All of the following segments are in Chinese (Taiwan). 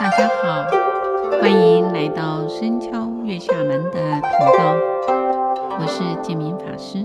大家好，歡迎來到僧敲月下門的頻道，我是建明法師，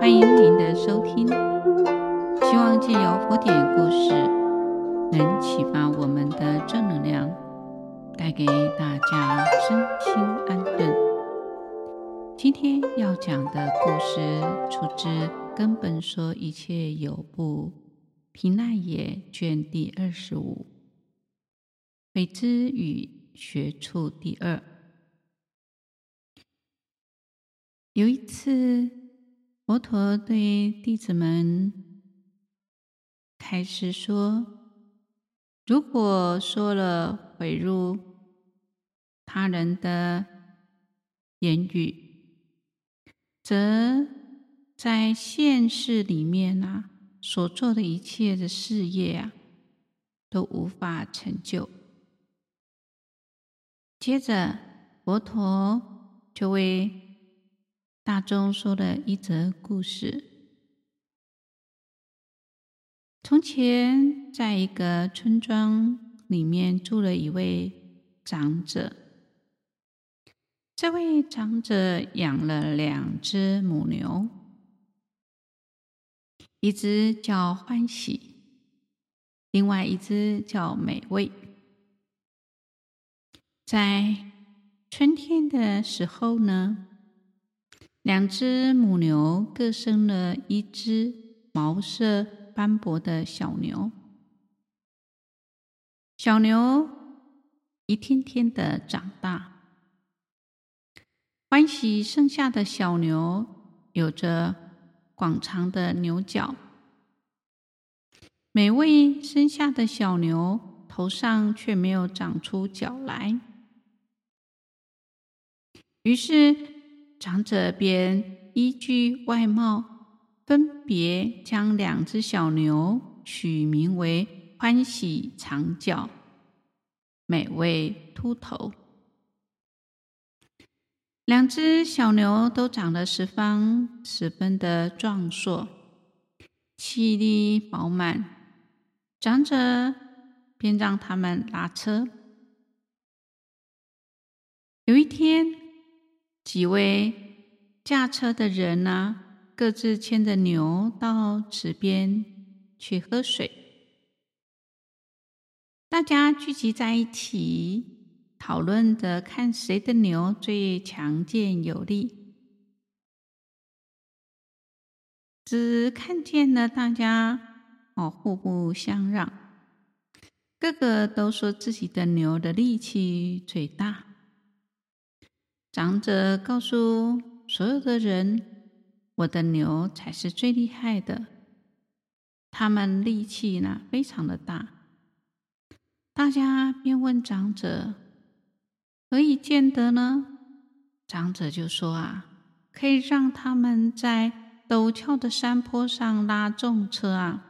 歡迎您的收聽。希望借由佛典故事，能啟發我們的正能量，帶給大家身心安頓。今天要講的故事出自《根本說一切有部毘奈耶》卷第二十五。毀呰語學處第二。有一次，佛陀對弟子們開示說：“如果說了毀辱他人的言語，則在現世裡面啊，所做的一切的事業啊，都無法成就。”接着，佛陀就為大眾說了一則故事。從前，在一個村莊裡面住了一位長者。這位長者養了兩只母牛，一只叫歡喜，另外一只叫美味。在春天的時候呢，兩隻母牛各生了一隻毛色斑駁的小牛。小牛一天天的長大，歡喜生下的小牛有着廣長的牛角，美味生下的小牛頭上卻沒有長出角來。於是，長者便依據外貌，分別將兩隻小牛取名為“歡喜長角”、“美味禿頭”。兩隻小牛都長得十分、十分的壯碩，氣力飽滿。長者便讓他們拉車。有一天，幾位駕車的人呢、啊，各自牽着牛到池邊去喝水。大家聚集在一起，討論着看誰的牛最強健有力。只看見了大家哦，互不相讓，個個都說自己的牛的力氣最大。長者告訴所有的人：“我的牛才是最厲害的，他們力氣呢非常的大。”大家便問長者：“何以見得呢？”長者就說：“啊，可以讓他們在陡峭的山坡上拉重車啊，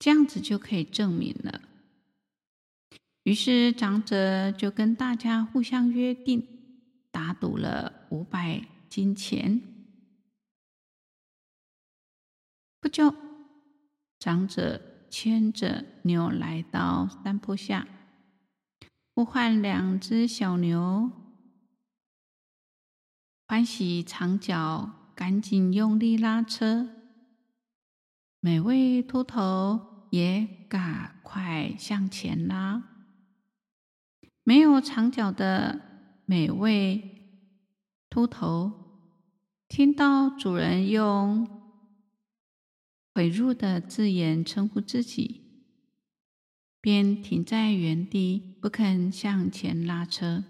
這樣子就可以證明了。”於是長者就跟大家互相約定。打賭了五百金錢。不久，長者牽着牛來到山坡下，呼喚兩隻小牛。歡喜長角趕緊用力拉車，美味禿頭也趕快向前拉。沒有長角的。美味禿頭聽到主人用毀辱的字眼稱呼自己，便停在原地，不肯向前拉車。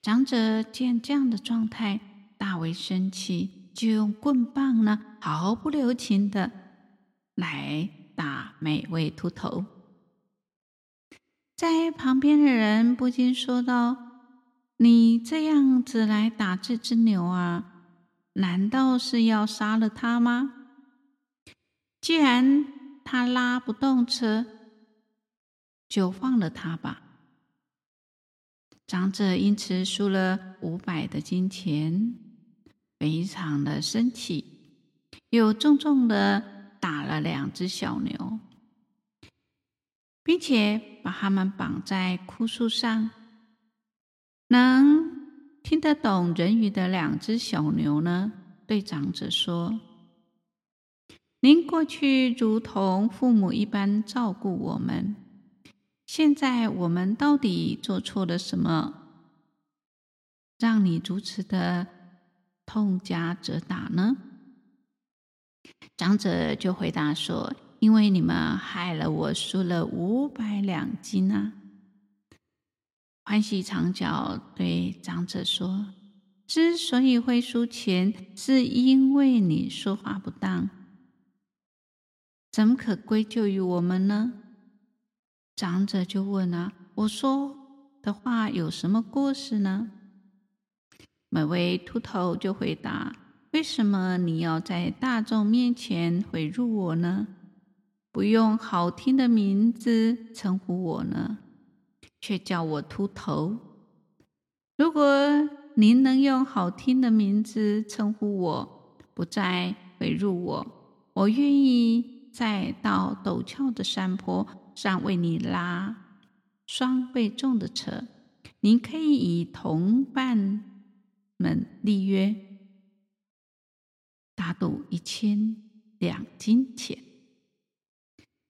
長者見這樣的狀態，大為生氣，就用棍棒呢毫不留情地來打美味禿頭。在旁邊的人不禁說道：“你這樣子來打這隻牛啊，難道是要殺了它嗎？既然它拉不動車，就放了它吧。”長者因此輸了五百的金錢，非常的生氣，又重重的打了兩隻小牛。並且把他們綁在枯樹上。能聽得懂人語的兩隻小牛呢，對長者說：“您過去如同父母一般照顧我們，現在我們到底做錯了什麼，讓你如此的痛加責打呢？”長者就回答說。因為你們害了我，輸了五百兩金啊！歡喜長角對長者說：“之所以會輸錢，是因為你說話不當，怎麼可歸咎於我們呢？”長者就問：“啊，我說的話有什麼過失呢？”美味禿頭就回答：“為什麼你要在大眾面前毀辱我呢？”不用好聽的名字稱呼我呢，卻叫我禿頭。如果您能用好聽的名字稱呼我，不再毀辱我，我願意再到陡峭的山坡上為你拉雙倍重的車。您可以與同伴們立約，打賭一千兩金錢。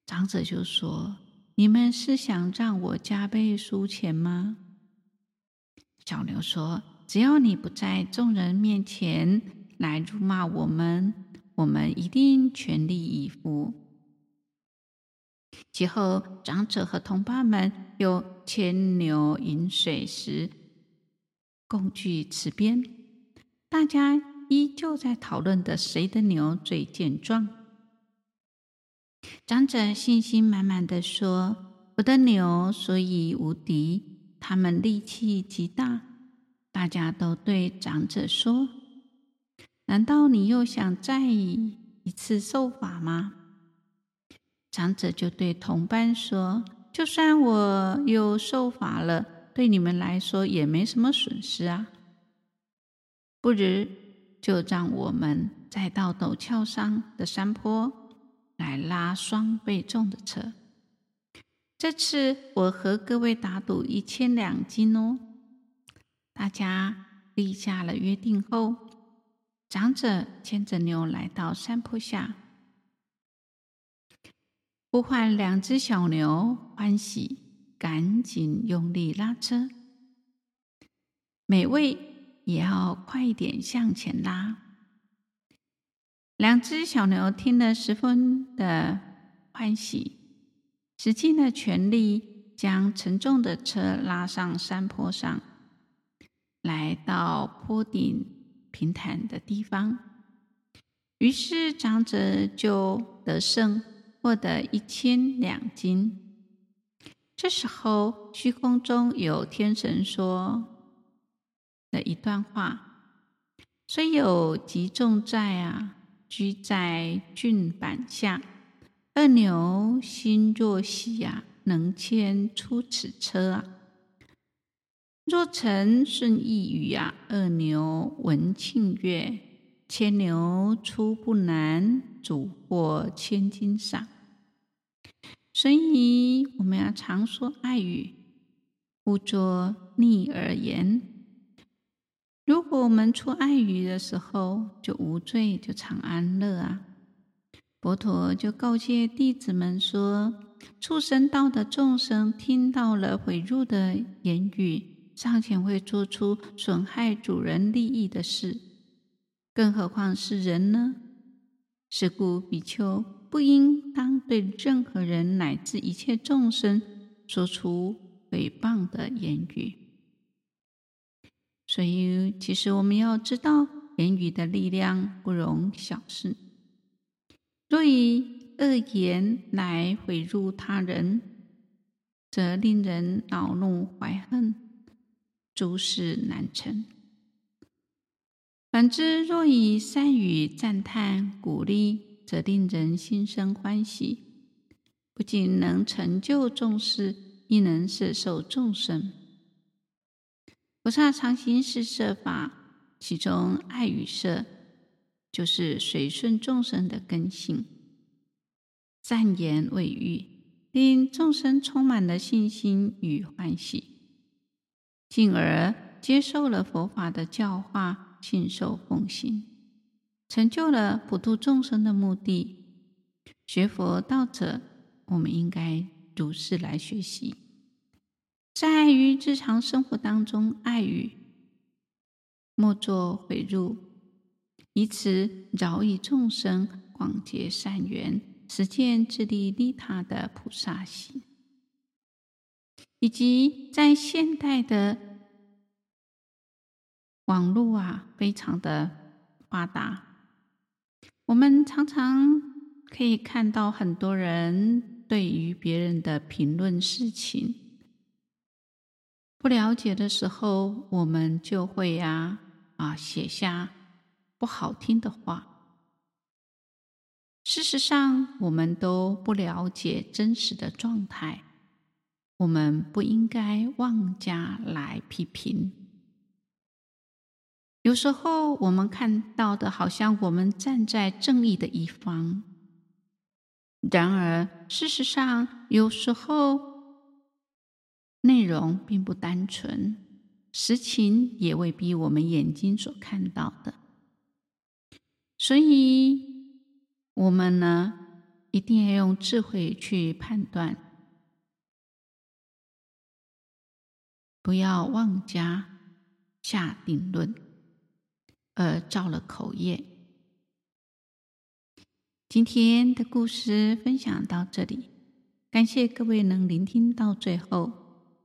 長者就說：“你們是想讓我加倍輸錢嗎？”小牛說：“只要你不在眾人面前來辱罵我們，我們一定全力以赴。”其後，長者和同伴們又牽牛飲水時，共聚池邊，大家依舊在討論的誰的牛最健壯。長者信心滿滿地說：“我的牛所向無敵，它們力氣極大。”大家都對長者說：“難道你又想再一次受罰嗎？”長者就對同伴說：“就算我又受罰了，對你們來說也沒什麼損失啊，不如就讓我們再到陡峭上的山坡。”來拉雙倍重的車，這次我和各位打賭一千兩金哦！大家立下了約定後，長者牽着牛來到山坡下，呼喚兩隻小牛歡喜，趕緊用力拉車，美味也要快一點向前拉。兩隻小牛聽了十分的歡喜，使盡了全力將沉重的車拉上山坡上，來到坡頂平坦的地方。於是長者就得勝，獲得一千兩金。這時候虛空中有天神說的一段話：雖有極重載啊，居在峻坂下，二牛心若喜呀、啊，能牽出此車、啊。若陳順意語呀、啊，二牛聞慶悅，牽牛出不難，主獲千金賞。所以我們要常說愛語，勿作逆耳言。如果我們出愛語的時候，就無罪，就常安樂啊！佛陀就告誡弟子們說：畜生道的眾生聽到了毀辱的言語，尚且會做出損害主人利益的事，更何況是人呢？是故比丘不應當對任何人、乃至一切眾生說出誹謗的言語。所以，其實我們要知道言語的力量不容小覷。若以惡言來毀辱他人，則令人惱怒懷恨，諸事難成；反之，若以善語讚歎，歎鼓勵，則令人心生歡喜，不僅能成就眾事，亦能攝受眾生。菩薩常行四攝法，其中愛語攝，就是隨順眾生的根性，善言慰喻，令眾生充滿了信心與歡喜，進而接受了佛法的教化，信受奉行，成就了普度眾生的目的。學佛道者，我們應該如是來學習。在於日常生活當中愛語，愛語莫作毀辱，以此饒益眾生，廣結善緣，實踐自利利他的菩薩行。以及在現代的網絡啊，非常的發達，我們常常可以看到很多人對於別人的評論事情。不了解的時候，我們就會呀啊，啊，寫下不好聽的話。事實上，我們都不了解真實的狀態，我們不應該妄加來批評。有時候，我們看到的，好像我們站在正義的一方，然而，事實上，有時候。內容並不單純，實情也未必我們眼睛所看到的，所以我們呢，一定要用智慧去判斷，不要妄加下定論，而造了口業。今天的故事分享到這裡，感謝各位能聆聽到最後。